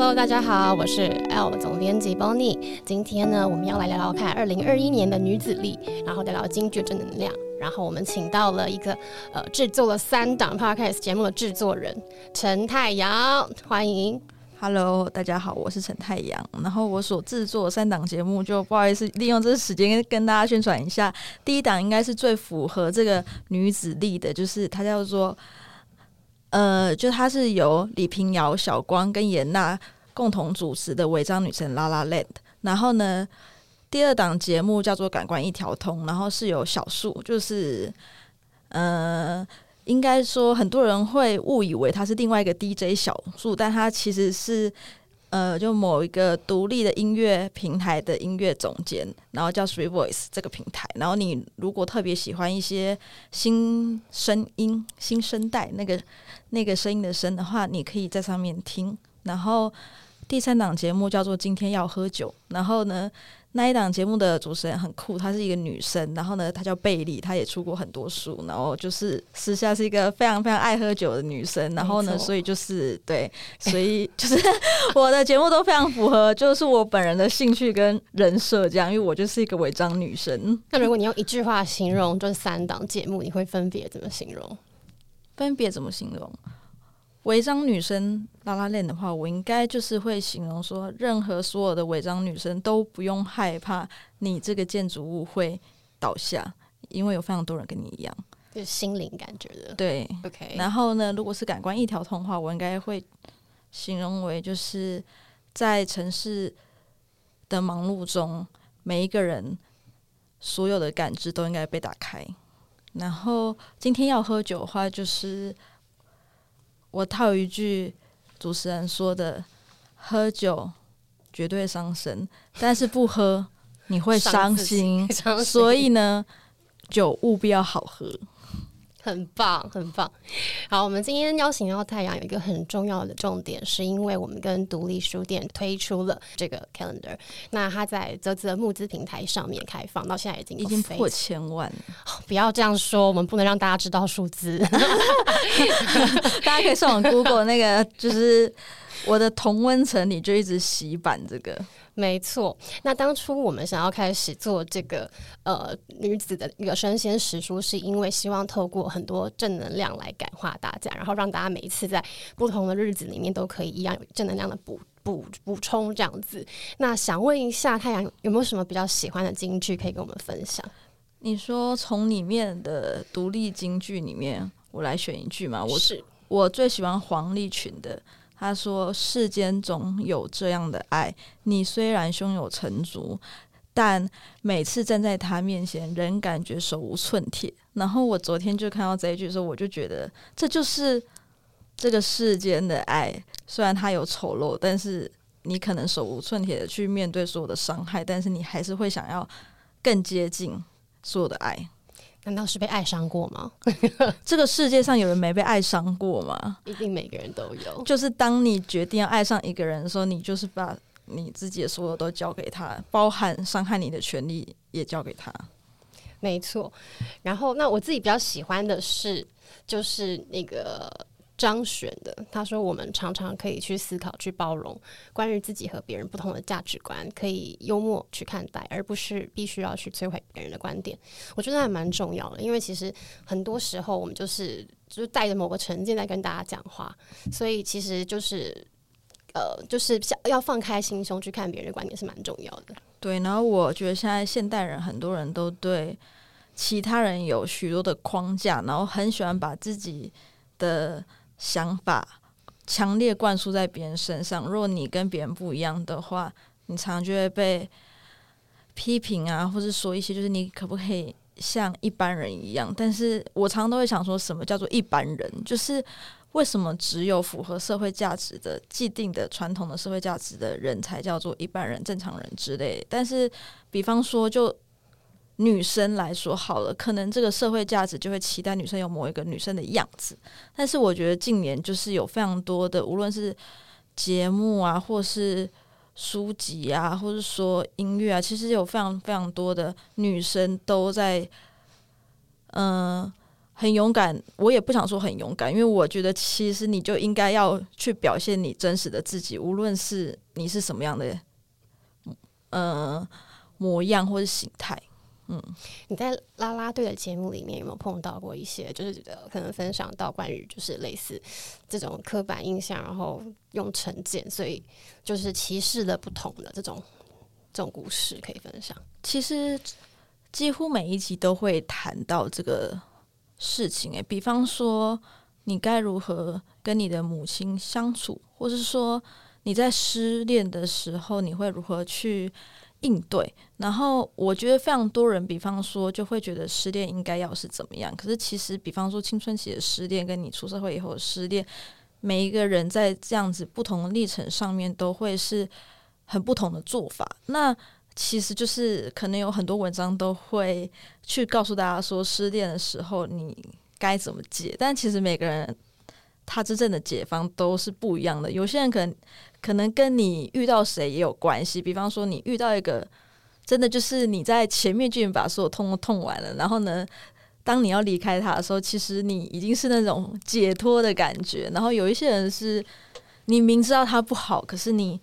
Hello，大家好，我是 ELLE 總編輯 Bonnie。今天呢，我們要來聊聊看2021年的女子力，然後聊聊金句正能量。然後我們請到了一個呃製作了三檔 podcast 節目的製作人陳太陽，歡迎。Hello，大家好，我是陳太陽。然後我所製作三檔節目，就不好意思利用這個時間跟大家宣傳一下。第一檔應該是最符合這個女子力的，就是它叫做。呃，就它是由李平堯、小光跟嚴娜共同主持的《違章女生 lalaLand》。然後呢，第二檔節目叫做《感官一條通》，然後是有小樹，就是呃，應該說很多人會誤以為他是另外一個 DJ 小樹，但他其實是。呃，就某一個獨立的音樂平台的音樂總監，然後叫 StreetVoice 這個平台，然後你如果特別喜歡一些新聲音、新生代那個那個聲音的聲的話，你可以在上面聽。然後第三檔節目叫做今天要喝酒，然後呢。那一檔節目的主持人很酷，她是一個女生，然後呢，她叫貝利，她也出過很多書，然後就是私下是一個非常非常愛喝酒的女生，然後呢，所以就是對，錯所以就是 我的節目都非常符合，就是我本人的興趣跟人設這樣，因為我就是一個違章女生。那如果你用一句話形容這、就是、三檔節目，你會分別怎麼形容？分別怎麼形容？違章女生拉 lalaLand 的話，我應該就是會形容說，任何所有的違章女生都不用害怕，你這個建築物會倒下，因為有非常多人跟你一樣，就是心靈感覺的。對。Okay. 然後呢，如果是感官一條通的話，我應該會形容為就是在城市的忙碌中，每一個人所有的感知都應該被打開。然後今天要喝酒的話，就是。我套一句主持人說的：“喝酒絕對傷身， 但是不喝你會傷心。所以呢，酒務必要好喝。”很棒，很棒。好，我們今天邀請到太陽，有一個很重要的重點，是因為我們跟讀曆書店推出了這個 calendar。那它在這次的募資平台上面開放，到現在已經已經破千萬了。哦，不要這樣說，我們不能讓大家知道數字。 大家可以上網 Google 那個 就是。我的同溫層，你就一直洗版這個，沒錯。那當初我們想要開始做這個呃女子的一個生鮮史書，是因為希望透過很多正能量來感化大家，然後讓大家每一次在不同的日子裡面都可以一樣有正能量的補補補充這樣子。那想問一下，太陽有沒有什麼比較喜歡的金句可以跟我們分享？你說從裡面的讀曆金句裡面，我來選一句嘛？我是我最喜歡黃麗群的。他說：“世間總有這樣的愛，你雖然胸有成竹，但每次站在他面前，仍感覺手無寸鐵。”然後我昨天就看到這一句的時候，我就覺得這就是這個世間的愛。雖然他有醜陋，但是你可能手無寸鐵的去面對所有的傷害，但是你還是會想要更接近所有的愛。難道是被愛傷過嗎？ 這個世界上有人沒被愛傷過嗎？ 一定每個人都有。就是當你決定要愛上一個人的時候，你就是把你自己的所有的都交給他，包含傷害你的權利也交給他。沒錯。然後，那我自己比較喜歡的是，就是那個。張懸的，他說：“我們常常可以去思考、去包容關於自己和別人不同的價值觀，可以幽默去看待，而不是必須要去摧毀別人的觀點。”我覺得那還蠻重要的，因為其實很多時候我們就是就是帶着某個成見在跟大家講話，所以其實就是呃，就是要放開心胸去看別人的觀點是蠻重要的。對，然後我覺得現在現代人很多人都對其他人有許多的框架，然後很喜歡把自己的。想法強烈灌輸在別人身上。若你跟別人不一樣的話，你常常就會被批評啊，或是說一些就是你可不可以像一般人一樣？但是我常常都會想說什麼叫做一般人？就是為什麼只有符合社會價值、的既定的、傳統的社會價值的人才叫做一般人、正常人之類？但是，比方說就。女生來說好了，可能這個社會價值就會期待女生有某一個女生的樣子。但是我覺得近年就是有非常多的，無論是節目啊，或是書籍啊，或者說音樂啊，其實有非常非常多的女生都在，嗯、呃，很勇敢。我也不想說很勇敢，因為我覺得其實你就應該要去表現你真實的自己，無論是你是什麼樣的，嗯、呃，模樣或是形態。嗯，你在 lalaLand 的節目裡面有沒有碰到過一些，就是覺得可能分享到關於就是類似這種刻板印象，然後用成見，所以就是歧視的不同的這種這種故事可以分享？其實幾乎每一集都會談到這個事情、欸，誒，比方說你該如何跟你的母親相處，或是說。你在失戀的時候，你會如何去應對？然後我覺得非常多人，比方說，就會覺得失戀應該要是怎麼樣？可是其實，比方說青春期的失戀，跟你出社會以後的失戀，每一個人在這樣子不同的歷程上面，都會是很不同的做法。那其實就是可能有很多文章都會去告訴大家說，失戀的時候你該怎麼解。但其實每個人。他真正的解方都是不一樣的。有些人可能可能跟你遇到誰也有關係。比方說，你遇到一個真的就是你在前面就已經把所有痛都痛完了，然後呢，當你要離開他的時候，其實你已經是那種解脫的感覺。然後有一些人是，你明知道他不好，可是你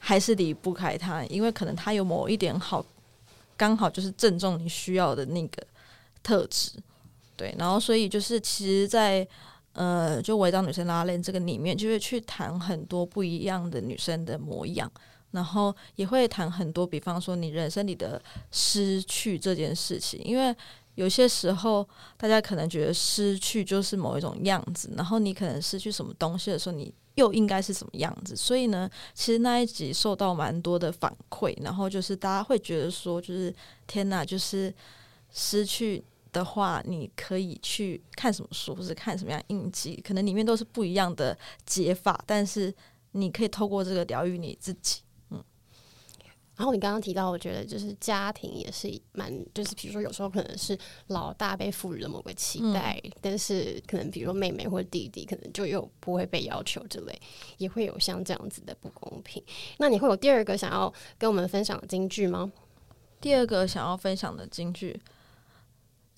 還是離不開他，因為可能他有某一點好，剛好就是正中你需要的那個特質。對，然後所以就是，其實，在呃，就圍繞女生 lalaLand 這個裡面，就會去談很多不一樣的女生的模樣，然後也會談很多，比方說你人生裡的失去這件事情，因為有些時候大家可能覺得失去就是某一種樣子，然後你可能失去什麼東西的時候，你又應該是什麼樣子？所以呢，其實那一集受到蠻多的反饋，然後就是大家會覺得說，就是天吶、啊，就是失去。的話，你可以去看什麼書，或者看什麼樣的印記，可能裡面都是不一樣的解法。但是你可以透過這個療癒你自己。嗯，然後你剛剛提到，我覺得就是家庭也是蠻，就是比如說有時候可能是老大被賦予了某個期待，嗯、但是可能比如說妹妹或弟弟，可能就又不會被要求之類，也會有像這樣子的不公平。那你會有第二個想要跟我們分享的金句嗎？第二個想要分享的金句。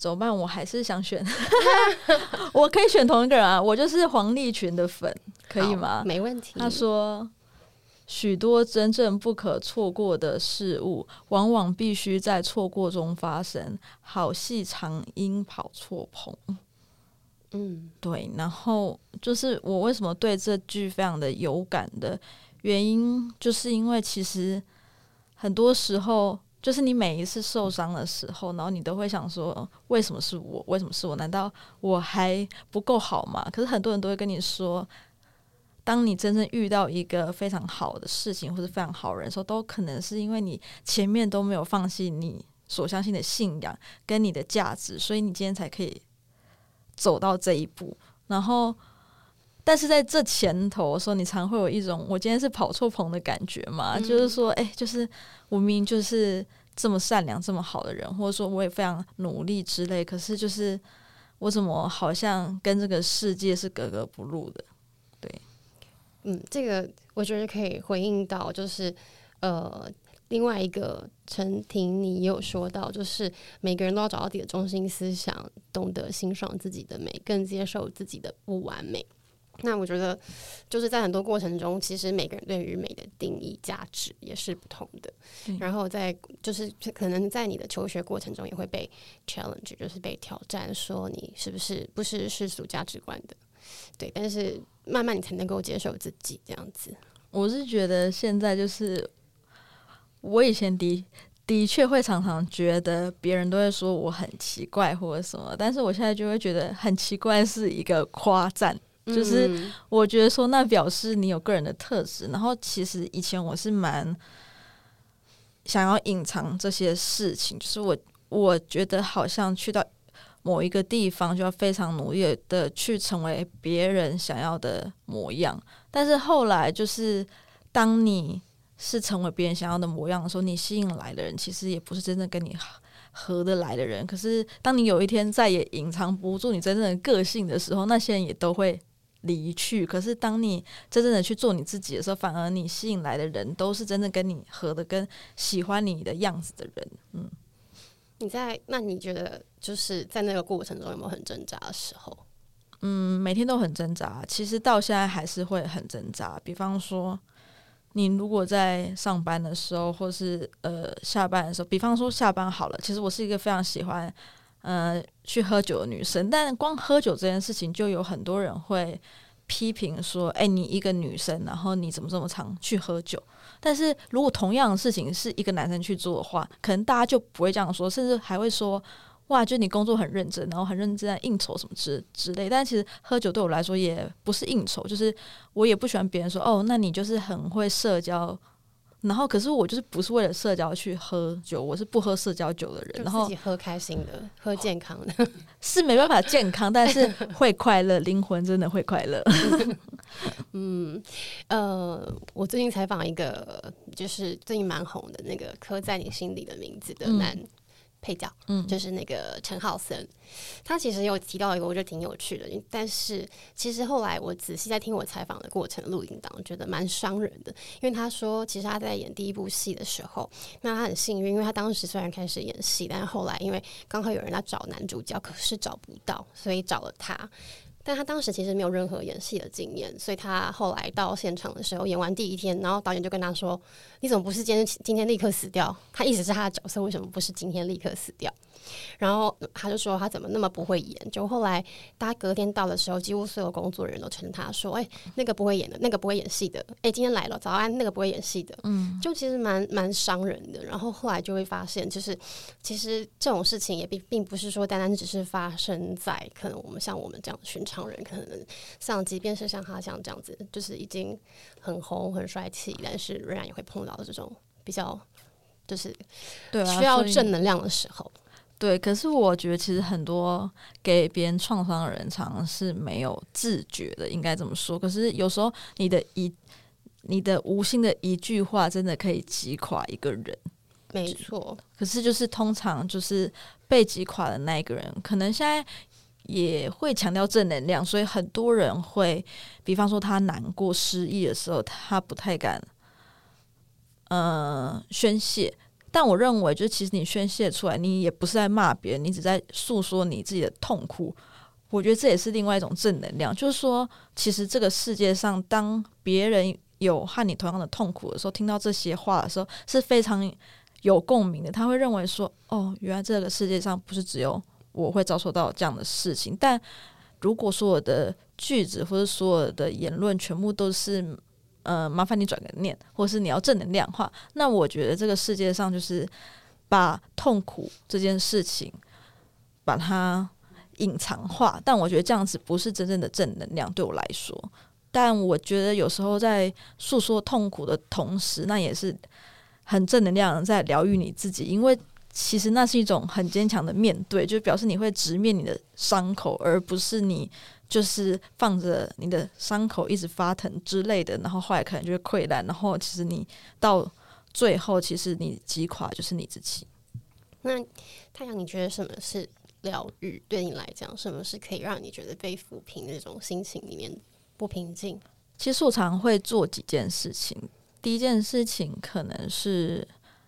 怎麼辦？我還是想選， 我可以選同一個人啊，我就是黃麗群的粉，可以嗎？沒問題。他說：“許多真正不可錯過的事物，往往必須在錯過中發生。好戲常因跑錯棚。嗯，對。然後就是我為什麼對這句非常的有感的原因，就是因為其實很多時候，就是你每一次受傷的時候，然後你都會想說：為什麼是我？為什麼是我？難道我還不夠好嗎？可是很多人都會跟你說，當你真正遇到一個非常好的事情或是非常好的人的時候，都可能是因為你前面都沒有放棄你所相信的信仰跟你的價值，所以你今天才可以走到這一步。然後。但是在這前頭，我說你常會有一種我今天是跑錯棚的感覺嘛，嗯、就是說，哎、欸，就是我明明就是這麼善良、這麼好的人，或者說我也非常努力之類，可是就是我怎麼好像跟這個世界是格格不入的？對，嗯，這個我覺得可以回應到，就是呃，另外一個陳婷你有說到，就是每個人都要找到自己的中心思想，懂得欣賞自己的美，更接受自己的不完美。那我覺得就是在很多過程中，其實每個人對於美的定義、價值也是不同的。對然後在就是可能在你的求學過程中，也會被 challenge，就是被挑戰，說你是不是不是世俗價值觀的？對，但是慢慢你才能夠接受自己這樣子。我是覺得現在就是我以前的的確會常常覺得別人都會說我很奇怪或者什麼，但是我現在就會覺得很奇怪是一個誇讚。就是我覺得說，那表示你有個人的特質。然後其實以前我是蠻想要隱藏這些事情。就是我我覺得好像去到某一個地方，就要非常努力的去成為別人想要的模樣。但是後來，就是當你是成為別人想要的模樣的時候，你吸引來的人其實也不是真正跟你合，合得來的人。可是當你有一天再也隱藏不住你真正的個性的時候，那些人也都會。離去。可是，當你真正的去做你自己的時候，反而你吸引來的人都是真正跟你合的、跟喜歡你的樣子的人。嗯，你在那？你覺得就是在那個過程中有沒有很掙扎的時候？嗯，每天都很掙扎。其實到現在還是會很掙扎。比方說，你如果在上班的時候，或是呃下班的時候，比方說下班好了。其實我是一個非常喜歡。呃，去喝酒的女生，但光喝酒這件事情，就有很多人會批評說：“哎、欸，你一個女生，然後你怎麼這麼常去喝酒？”但是如果同樣的事情是一個男生去做的話，可能大家就不會這樣說，甚至還會說：“哇，就你工作很認真，然後很認真在應酬什麼之之類。”但其實喝酒對我來說也不是應酬，就是我也不喜歡別人說：“哦，那你就是很會社交。”然後，可是我就是不是為了社交去喝酒，我是不喝社交酒的人。然後自己喝開心的，後喝健康的， 是沒辦法健康， 但是會快樂， 靈魂真的會快樂。 嗯，呃，我最近採訪一個，就是最近蠻紅的那個刻在你心裡的名字的男、嗯。配角，嗯，就是那個陳浩森，他其實有提到一個，我覺得挺有趣的。但是其實後來我仔細在聽我採訪的過程錄音檔，我覺得蠻傷人的，因為他說其實他在演第一部戲的時候，那他很幸運，因為他當時雖然開始演戲，但是後來因為剛好有人在找男主角，可是找不到，所以找了他。但他當時其實沒有任何演戲的經驗，所以他後來到現場的時候，演完第一天，然後導演就跟他說：“你怎麼不是今天今天立刻死掉？”他一直是他的角色，為什麼不是今天立刻死掉？然後、嗯、他就說：“他怎麼那麼不會演？”就後來他隔天到的時候，幾乎所有工作人員都稱他說：“哎、欸，那個不會演的，那個不會演戲的，哎、欸，今天來了，早安。”那個不會演戲的，嗯，就其實蠻蠻傷人的。然後後來就會發現，就是其實這種事情也並並不是說單單只是發生在可能我們像我們這樣的尋常。常人可能像，即便是像他像這樣子，就是已經很紅、很帥氣，但是仍然也會碰到的這種比較，就是對需要正能量的時候對啊。對，可是我覺得其實很多給別人創傷的人常常是沒有自覺的。應該怎麼說？可是有時候你的一、你的無心的一句話，真的可以擊垮一個人。沒錯。可是就是通常就是被擊垮的那一個人，可能現在。也會強調正能量，所以很多人會，比方說他難過、失意的時候，他不太敢，嗯、呃，宣洩。但我認為，就其實你宣洩出來，你也不是在罵別人，你只在訴說你自己的痛苦。我覺得這也是另外一種正能量，就是說，其實這個世界上，當別人有和你同樣的痛苦的時候，聽到這些話的時候，是非常有共鳴的。他會認為說，哦，原來這個世界上不是只有。我會遭受到這樣的事情，但如果說我的句子或者所有的言論全部都是，嗯、呃，麻煩你轉個念，或是你要正能量化，那我覺得這個世界上就是把痛苦這件事情把它隱藏化，但我覺得這樣子不是真正的正能量，對我來說。但我覺得有時候在訴說痛苦的同時，那也是很正能量，在療癒你自己，因為。其實那是一種很堅強的面對，就表示你會直面你的傷口，而不是你就是放着你的傷口一直發疼之類的。然後後來可能就會潰爛，然後其實你到最後，其實你擊垮就是你自己。那太陽，你覺得什麼是療癒？對你來講，什麼是可以讓你覺得被撫平的那種心情裡面不平靜？其實我常會做幾件事情，第一件事情可能是，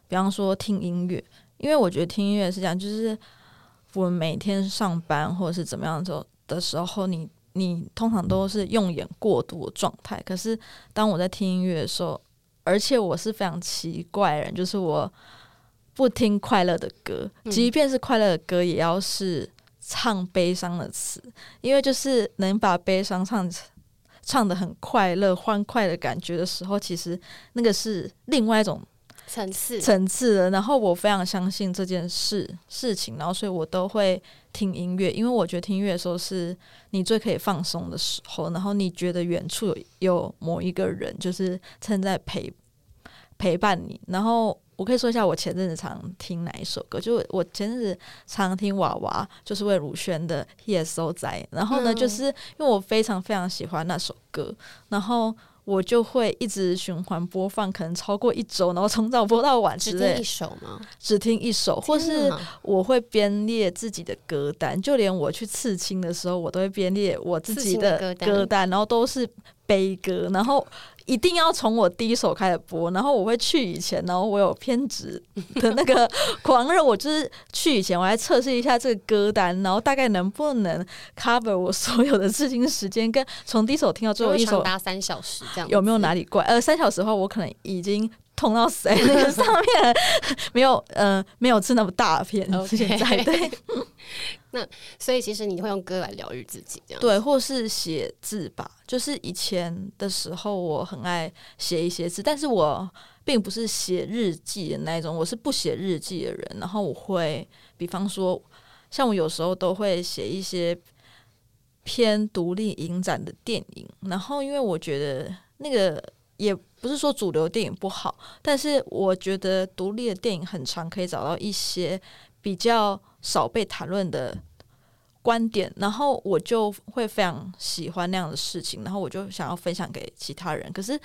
比方說聽音樂。因為我覺得聽音樂是這樣，就是我每天上班或者是怎麼樣的時候，的時候，你你通常都是用眼過度的狀態。可是當我在聽音樂的時候，而且我是非常奇怪的人，就是我不聽快樂的歌，即便是快樂的歌，也要是唱悲傷的詞，因為就是能把悲傷唱唱得很快樂、歡快的感覺的時候，其實那個是另外一種。層次層次的，然後我非常相信這件事事情。然後所以我都會聽音樂，因為我覺得聽音樂的時候是你最可以放鬆的時候，然後你覺得遠處有，有某一個人，就是正在陪陪伴你。然後我可以說一下，我前陣子常，常聽哪一首歌，就我，我前陣子常，常聽娃娃，就是魏如萱的《彼個所在》，然後呢，嗯、就是因為我非常非常喜歡那首歌，然後。我就會一直循環播放，可能超過一周，然後從早播到晚，只聽一首嗎？只聽一首，或是我會編列自己的歌單，啊、就連我去刺青的時候，我都會編列我自己的歌單，歌單，然後都是悲歌，然後。一定要從我第一首開始播，然後我會去以前，然後我有偏執的那個狂熱， 我就是去以前，我還測試一下這個歌單，然後大概能不能 cover 我所有的至今時間，跟從第一首聽到最後一首，搭三小時這樣，有沒有哪裡怪？呃，三小時後，我可能已經痛到死在那個上面 沒有？呃，沒有吃那麼大片， 現在對。 那所以其實你會用歌來療癒自己，這樣對，或是寫字吧。就是以前的時候，我很愛寫一些字，但是我並不是寫日記的那一種，我是不寫日記的人。然後我會，比方說，像我有時候都會寫一些偏獨立影展的電影。然後，因為我覺得那個也不是說主流電影不好，但是我覺得獨立的電影很常，可以找到一些比較。少被談論的觀點，然後我就會非常喜歡那樣的事情，然後我就想要分享給其他人。可是，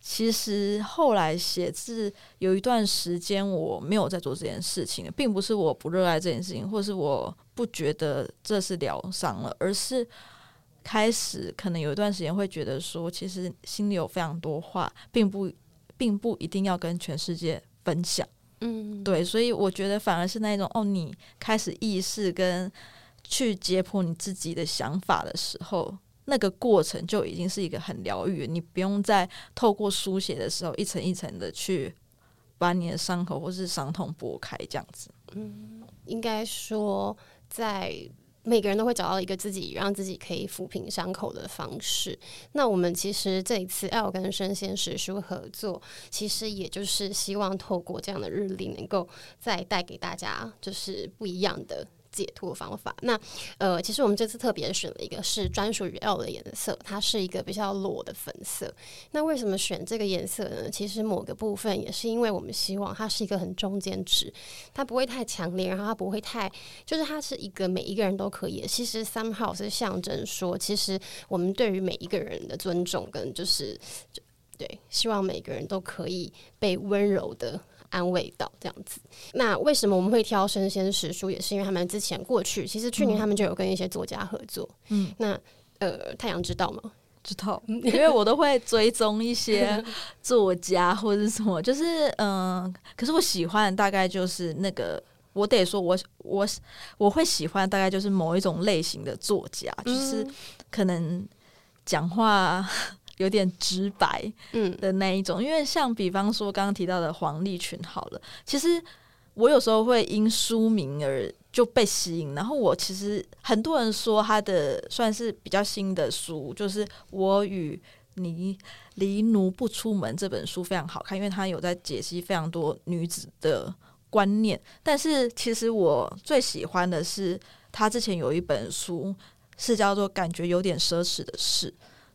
其實後來寫字有一段時間，我沒有在做這件事情，並不是我不熱愛這件事情，或是我不覺得這是療傷了，而是開始可能有一段時間會覺得說，其實心裡有非常多話，並不並不一定要跟全世界分享。嗯，對，所以我覺得反而是那種哦，你開始意識跟去解剖你自己的想法的時候，那個過程就已經是一個很療癒，你不用再透過書寫的時候一層一層的去把你的傷口或是傷痛剝開這樣子。嗯，應該說在。每個人都會找到一個自己讓自己可以撫平傷口的方式。那我們其實這一次要跟生鮮時書合作，其實也就是希望透過這樣的日曆，能夠再帶給大家就是不一樣的。解脫的方法。那，呃，其實我們這次特別選了一個是專屬於 L 的顏色，它是一個比較裸的粉色。那為什麼選這個顏色呢？其實某個部分也是因為我們希望它是一個很中間值，它不會太強烈，然後它不會太，就是它是一個每一個人都可以。其實三號是象徵說，其實我們對於每一個人的尊重，跟就是對，希望每個人都可以被溫柔的。安慰到這樣子，那為什麼我們會挑生鮮時書？也是因為他們之前過去，其實去年他們就有跟一些作家合作。嗯，那呃，太陽知道嗎？知道，因為我都會追蹤一些作家或者什麼， 就是嗯、呃，可是我喜歡大概就是那個，我得說我我我會喜歡大概就是某一種類型的作家，嗯、就是可能講話。有點直白，嗯的那一種，嗯、因為像比方說剛剛提到的黃麗群，好了，其實我有時候會因書名而就被吸引，然後我其實很多人說他的算是比較新的書，就是《我與你貍奴不出門》這本書非常好看，因為他有在解析非常多女子的觀念，但是其實我最喜歡的是他之前有一本書是叫做《感覺有點奢侈的事》。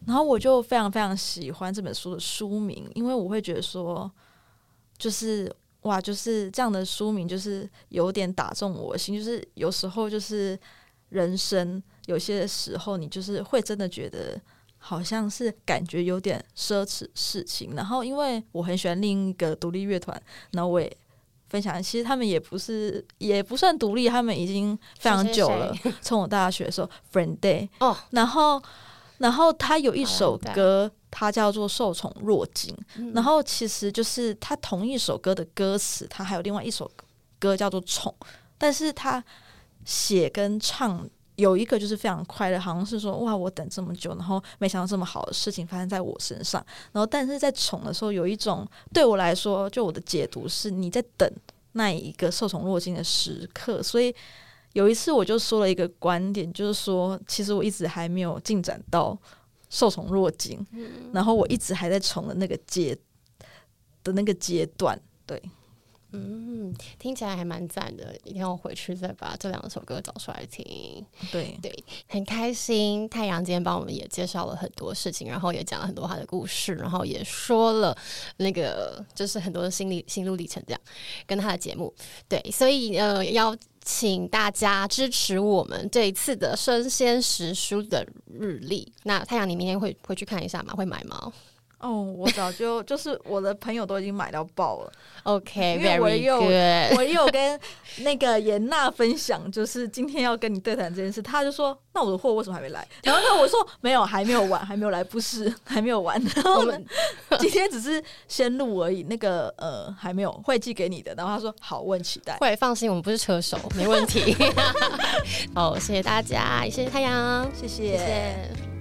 然後我就非常非常喜歡這本書的書名，因為我會覺得說，就是哇，就是這樣的書名，就是有點打中我心。就是有時候，就是人生有些時候，你就是會真的覺得，好像是感覺有點奢侈事情。然後，因為我很喜歡另一個獨立樂團，然後我也分享，其實他們也不是，也不算獨立，他們已經非常久了，誰誰誰從我大學的時候 ，Friend Day 哦，oh. 然後。然後他有一首歌，它、啊、叫做《受寵若驚》。嗯、然後其實就是他同一首歌的歌詞，他還有另外一首歌叫做《寵》，但是他寫跟唱有一個就是非常快樂，好像是說哇，我等這麼久，然後沒想到這麼好的事情發生在我身上。然後但是在寵的時候，有一種對我來說，就我的解讀是，你在等那一個受寵若驚的時刻，所以。有一次我就說了一個觀點，就是說，其實我一直還沒有進展到受寵若驚，嗯，然後我一直還在寵的那個階的那個階段。對，嗯，聽起來還蠻讚的。一定要回去再把這兩首歌找出來聽。對，對，很開心。太陽今天幫我們也介紹了很多事情，然後也講了很多他的故事，然後也說了那個就是很多的心理心路歷程，這樣跟他的節目。對，所以呃要。請大家支持我們這一次的生鮮時書的日曆。那太陽，你明天會會去看一下嗎？會買嗎？哦，oh, 我早就 就是我的朋友都已經買到爆了，OK，因為我又 very good. 我又跟那個嚴娜分享，就是今天要跟你對談這件事，他就說那我的貨為什麼還沒來？然後呢，我說 沒有，還沒有完，還沒有來，不是還沒有完，我們 今天只是先錄而已，那個呃還沒有會寄給你的。然後他說好，我很期待，會放心，我們不是車手， 沒問題。 好，謝謝大家，也謝謝太陽，謝謝。謝謝